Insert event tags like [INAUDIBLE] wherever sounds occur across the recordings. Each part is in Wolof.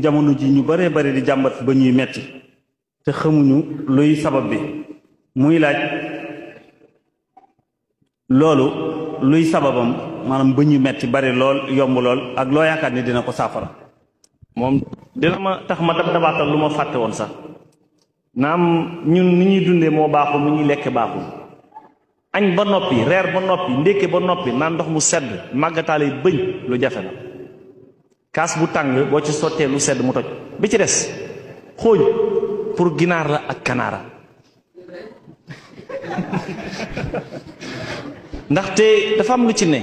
jamono ji ñu baree bari di jàmbat ba ñuy metti te xamuñu luy sabab bi muy laaj loolu luy sababam maanaam ba ñuy metti bari lool yomb lool ak loo yaakaar ni dina ko saafara moom dina ma tax ma dab dabaatal lu ma fàtte woon sax naam ñun ni ñuy dundee moo baaxul mu ñuy lekk baaxul añ ba noppi reer ba noppi ndékke ba noppi naan ndox mu sedd màggataale bëñ lu jafe la kaas bu tàng boo ci sottee lu sedd mu toj bi ci des xooñ pour ginaar la ak kanaara [LAUGHS] ndaxte dafa am lu ci ne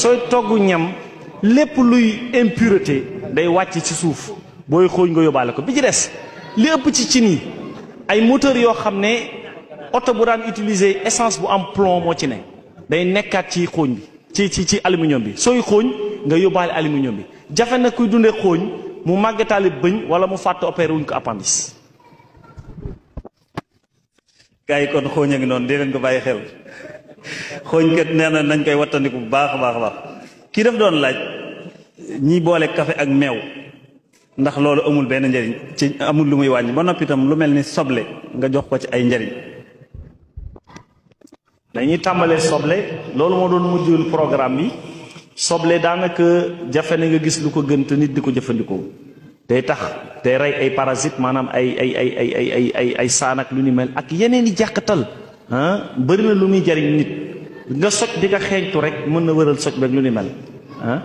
sooy togg ñam lépp luy impureté day wàcc ci suuf booy xooñ nga yóbbaale ko bi ci des li ëpp ci cin yi ay moteur yoo xam ne oto bu daan utiliser essence bu am plomb moo ci ne day nekkaat ci xooñ bi ci ci ci aluminium bi sooy xooñ nga yóbbaale aluminium bi jafe na kuy dundee xooñ mu màggetaale bëñ wala mu fàtte opéré wuñ ko appendice. gars yi kon xooñ a ngi noonu dee leen ko bàyyi xel xooñ kat nee na nañ koy wattandiku bu baax a baax baax kii daf doon laaj ñiy boole kafe ak meew ndax loolu amul benn njariñ ci amul lu muy wàññi ba noppi lu mel ni soble nga jox ko ci ay njariñ. dañuy tàmbalee soble loolu moo doon mujjul programme bi. soble daanaka jafe na nga gis lu ko gën te nit di ko jëfandikoo day tax day rey ay parasites maanaam ay ay ay ay ay ay ay ay saan ak lu ni mel ak yeneen i jàkkatal ah bëri na lu muy jariñ nit nga soj di nga xeeñtu rek mën na wëral soj beeg lu ni mel ah.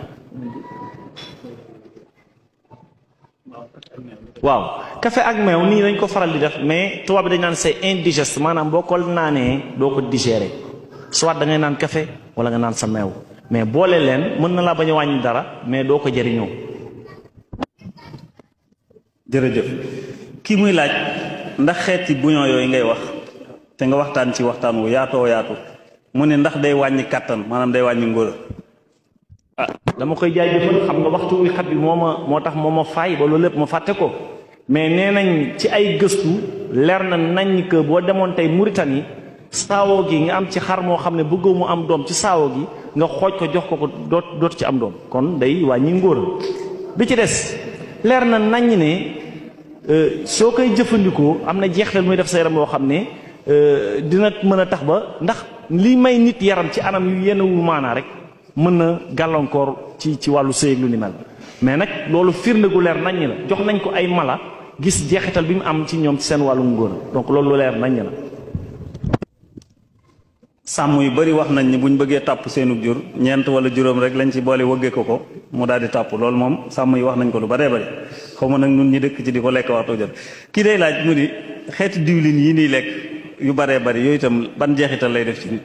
waaw café ak meew nii dañ ko faral di def mais tubaab bi dañ naan c'est indigeste maanaam boo ko naanee doo ko digere soit da naan kafe wala nga naan sa meew. mais boole leen mën na laa bañ a wàññi dara mais doo ko jëriñoo. jërëjëf kii muy laaj ndax xeeti bouillon yooyu ngay wax te nga waxtaan ci waxtaan wu yaatoo yaatu mu ne ndax day wàññi kàttan maanaam day wàññi ngóor ah dama koy jaajëfal xam nga waxtu wi xat bi moo ma moo tax moo ma faay ba lépp ma fàtte ko mais nee nañ ci ay gëstu leer na nañ que boo demoon tey yi saawoo gi nga am ci xar moo xam ne bëggoo mu am doom ci saawo gi nga xooj ko jox ko ko doot dootu ci am doom kon day wàññi ngóora bi ci des leer na naññ ne euh, soo koy jëfandikoo am na jeextal muy def sa yaram boo xam ne euh, dina mën a tax ba ndax li may nit yaram ci anam yu yenewul maanaa rek mën na gàllankoor ci ci wàllu sëy ak lu ni mel mais nag loolu firnde gu leer naññ la jox nañ ko ay mala gis jeexital bi mu am ci ñoom seen wàllu ngóora donc loolu leer naññ sàmm yu bari wax nañ ni buñ bëggee tàpp seenub jur ñeent wala juróom rek lañ ci boole wëggee ko ko mu daal di tàpp lool moom sàmm yi wax nañ ko lu bare bari xaw nag nun ñu dëkk ci di ko lekk waxtu jot kii day laaj mu di xeeti diwlin yi niy lekk yu baree bari yooyu itam ban jeexital lay def ci nit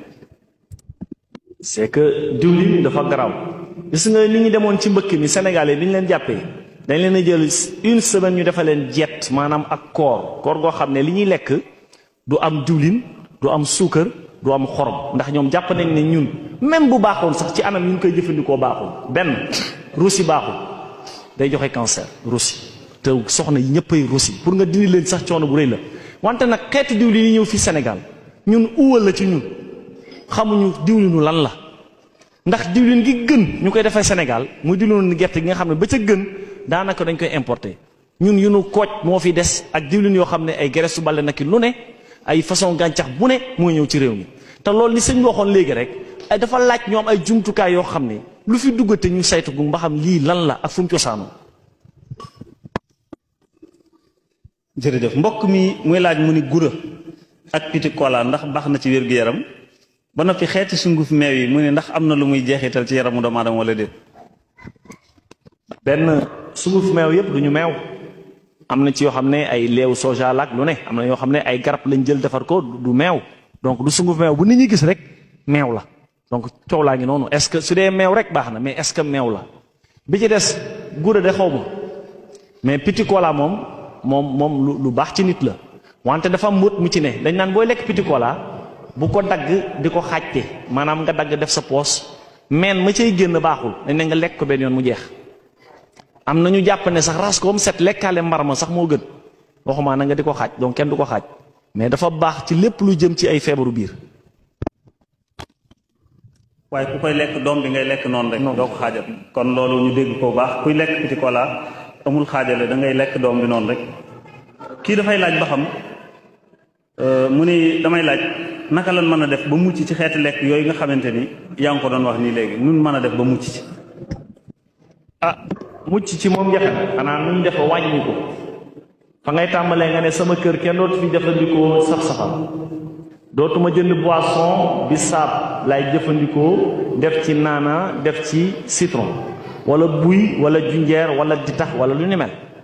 que diwlin dafa garaaw gis nga ni ñu demoon ci mbëkk mi Sénégalais bi ñu leen jàppee dañ leen a jël une semaine ñu defa leen jet maanaam ak koor koor goo xam ne li ñuy lekk du am diwlin du am suukar du am xorom ndax ñoom jàpp nañ ne ñun même bu baaxoon sax ci anam ñu koy jëfandikoo baaxul benn rosi baaxul day joxe cancer rosi te soxna yi ñëppay rosi pour nga dindi leen sax coono bu rëy la wante nag xeetu diwlin yi ñëw fii senegal ñun uwal la ci ñun xamuñu diwlinu lan la ndax diwlin gi gën ñu koy defee Sénégal muy diwlinu gerte gi nga xam ne ba ca gën daanaka dañ koy importer ñun yu nu kooj moo fi des ak diwlin yoo xam ne ay geresu bale nag naki lu ne ay façon gàncax bu ne moo ñëw ci réew mi te loolu ni sëñ bi waxoon léegi rek dafa laaj ñoom ay jumtukaay yoo xam ne lu fi duggate ñu saytu gu mbaxam xam lii lan la ak fu mu cosaanoo. jërëjëf mbokk mi muy laaj mu ni gura ak kolaat ndax baax na ci wér-gu-yaram ba noppi xeeti sunguf meew yi mu ne ndax am na lu muy jeexital ci yaramu doomu aadama wala de benn sunguf meew yëpp du ñu meew. am na ci yoo xam ne ay leew soja laak lu ne am na yoo xam ne ay garab lañ jël defar ko du meew. donc du sunguf meew bu nit ñi gis rek meew la donc coow ngi noonu est-ce que su dee meew rek baax na mais est que meew la bi ci des gura de xaw ma mais petit moom moom moom lu baax ci nit la wante dafa mbóot mu ci ne dañ naan booy lekk petit cola bu ko dagg di ko xaaj xaajte maanaam nga dagg def sa poos meen ma cay génn baaxul dañ ne nga lekk ko benn yoon mu jeex am na ñu jàpp ne sax ras ko set lekkaale mbar ma sax moo gën waxumaa na nga di ko xaaj donc kenn du ko xaaj mais dafa baax ci lépp lu jëm ci ay feebaru biir. waaye ku koy lekk doom bi ngay lekk noonu rek. doo ko xaajal kon loolu ñu dégg ko baax kuy lekk petit cola amul xaajale da ngay lekk doom bi noonu rek. kii dafay laaj ba xam euh, mu ni damay laaj naka lan mën a def ba mucc ci xeeti lekk yooyu nga xamante ni yaa ngi ko doon wax nii léegi nun mën a def ba mucc ci. ah mucc ci moom jafe xanaa nun def wàññi ko. fa ngay tàmbalee nga ne sama kër kenn dootu fi jëfandikoo saf-safal dootuma jënd boisson bi saab lay jëfandikoo def ci naana def ci citron wala buy wala junjeer wala ditax wala lu ni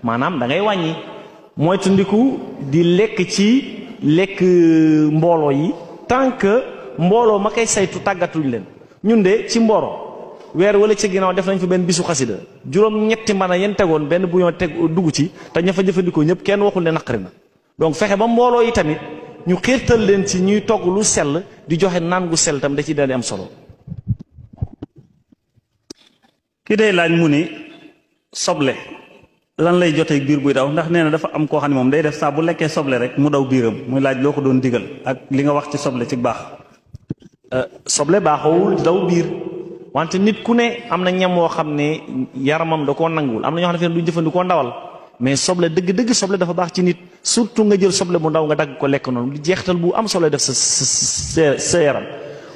maanaam da ngay wàññi mooy tundiku di lekk ci lekk euh, mbooloo yi tant que mbooloo ma koy saytu tàggatuñ leen ñun de ci mbooloo weer wala ci ginnaaw def nañ fa benn bisu xasida juróom ñetti mën a yen tegoon benn bu ñoo teg dugg ci te ña fa jëfandikoo ñëpp kenn waxul ne naqari na donc fexe ba mbooloo yi tamit ñu xiirtal leen ci ñuy togg lu sell di joxe naan gu sell tam da ci daal am solo ki day laaj mu ni soble lan lay jotee biir buy daw ndax nee na dafa am koo xam ne moom day def saa bu lekkee soble rek mu daw biiram muy laaj loo ko doon digal ak li nga wax ci soble ci baax euh, soble baaxawul wante nit ku ne am na ñam woo xam ne yaramam da koo nanguwul am na ñoo xam ne fii duñ jëfandikoo ndawal mais soble dëgg-dëgg soble dafa baax ci nit surtout nga jël soble bu ndaw nga dagg ko lekk noonu lu jeextal bu am soble def sa sa sa yaram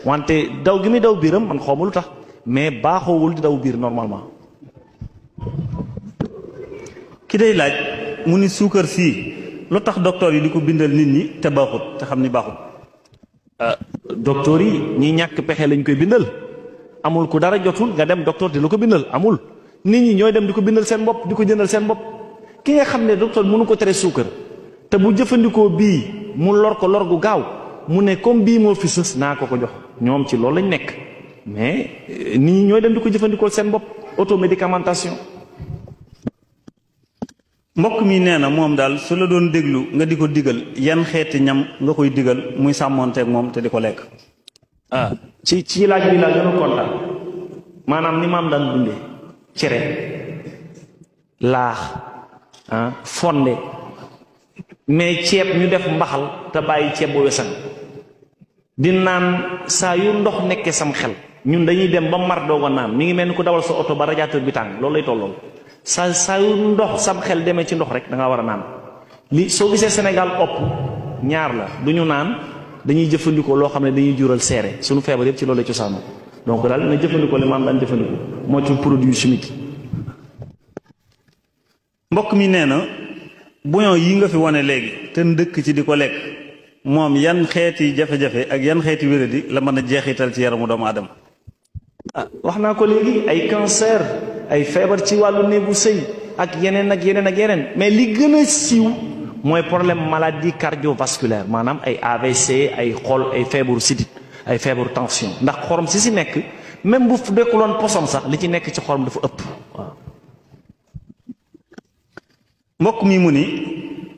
wante daw gi muy daw biiram man xawma lu tax mais baaxoowul di daw biir normalement. ki day laaj mu ni suukar sii lu tax docteur yi di ko bindal nit ñi te baaxut te xam ni baaxut. Ah, docteur yi ñi ñàkk pexe lañ koy bindal. amul ku dara jotul nga dem docteur di lu ko bindal amul nit ñi ñooy dem di ko bindal seen bopp di ko jëndal seen bopp ki nga xam ne docteur mënu ko tere suukar te bu jëfandikoo bii mu lor ko lor gu gaaw mu ne comme bii moo fi sës naa ko ko jox ñoom ci loolu lañ nekk mais euh, nit ñi ñooy dem di ko jëfandikoo seen bopp automédicamentation. mbokk mi nee na moom daal su la doon déglu nga di ko digal yan xeeti ñam nga koy digal muy sàmmonteeg moom te di ko lekk. Ah. ci ci laaj bi laa gën a maanaam ni maam daan dunde cere laax ah fonde mais ceeb ñu def mbaxal te bàyyi ceeb bu wesan di naan saa yu ndox nekkee sam xel ñun dañuy dem ba mar doog a naan mi ngi mel ni ku dawal sa oto ba radiateur bi tàng loolu lay tollool saa saa yu ndox sam xel demee ci ndox rek danga war a naan li soo gisee Sénégal ëpp ñaar la du naan dañuy jëfandikoo loo xam ne dañuy jural seere suñu feebar yëpp ci loolu la cosaanoo donc daal na jëfandikoo li maam daan jëfandikoo moo ci produit chimique mbokk mi nee na bouillon yi nga fi wane léegi te ndëkk ci di ko lekk moom yan xeeti jafe-jafe ak yan xeeti wéradi la mën a jeexital ci yaramu doomu aadama ah wax naa ko léegi ay cancer ay feebar ci wàllu néegu sëy ak yeneen ak yeneen ak yeneen mais li gën a siiw mooy problème maladie cardiovasculaire maanaam ay AVC ay xol ay feebaru sidit ay feebaru tension ndax xorom si si nekk même bu dekkuloon posom sax li ci nekk ci xorom dafa ëpp waaw. mbokk mi mu ni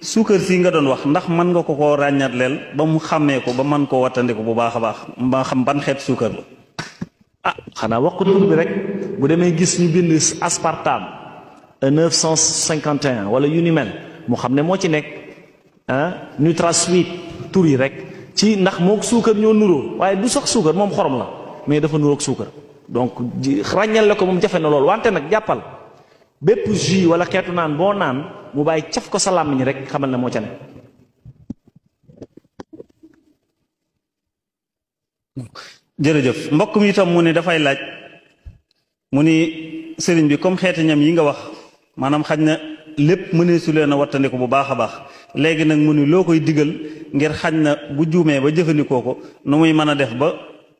suukar fii nga doon wax ndax mën nga ko koo ràññat leel ba mu xàmmee ko ba man koo wattandiku bu baax a baax ba xam ban xeet suukar la. ah xanaa wax ko rek bu demee gis ñu bind aspartame 951 wala yu ni mel. mu xam ne moo ci nekk ah NutraSweet tur yi rek ci ndax moog suukar ñoo nuróo waaye du sax suukar moom xorom la mais dafa nuróog suukar donc ji la ko moom jafe na lool wante nag jàppal bépp jus wala xeetu naan boo naan mu bàyyi caf ko sa làmmiñ rek xamal ne moo ca nekk. jërëjëf mbokk mi itam mu ne dafay laaj mu ni sëriñ bi comme xeeti ñam yi nga wax maanaam xaj na. lépp mënee su leen a wattandiku bu baax a baax léegi nag mu ni loo koy digal ngir xañ na bu juumee ba jëfandikoo ko nu muy mën a def ba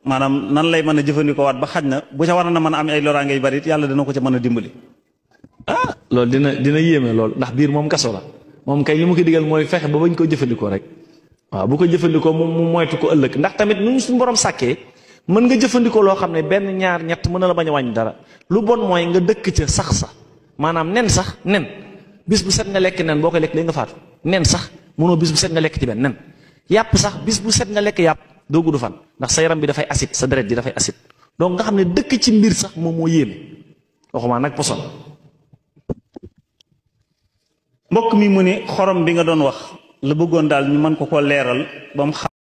maanaam nan lay mën a jëfandikoo waat ba xañ na bu ca war na mën a am ay loraange yu yàlla dina ko ca mën a dimbali. Ah, loolu dina dina yéeme lool ndax biir moom kaso la moom kay li mu ko digal mooy fexe ba bañ ko jëfandikoo rek waaw bu ko jëfandikoo mu moytu ko ëllëg ndax tamit nu suñu borom sàkkee mën nga jëfandikoo loo xam ne benn ñaar ñett mën a la bañ a wàññi dara lu bon mooy nga dëkk ca sax sa maanaam nen sax nen bis bu set nga lekk nen boo koy lekk léegi nga faatu nen sax mënoo bis bu set nga lekk ci benn nen yàpp sax bis bu set nga lekk yàpp doo gudd fan ndax sa yaram bi dafay acide sa deret bi dafay acide donc nga xam ne dëkk ci mbir sax moom moo yéeme waxuma nag poson mbokk mi mu ne xorom bi nga doon wax la bëggoon daal ñu mën ko ko leeral ba mu xam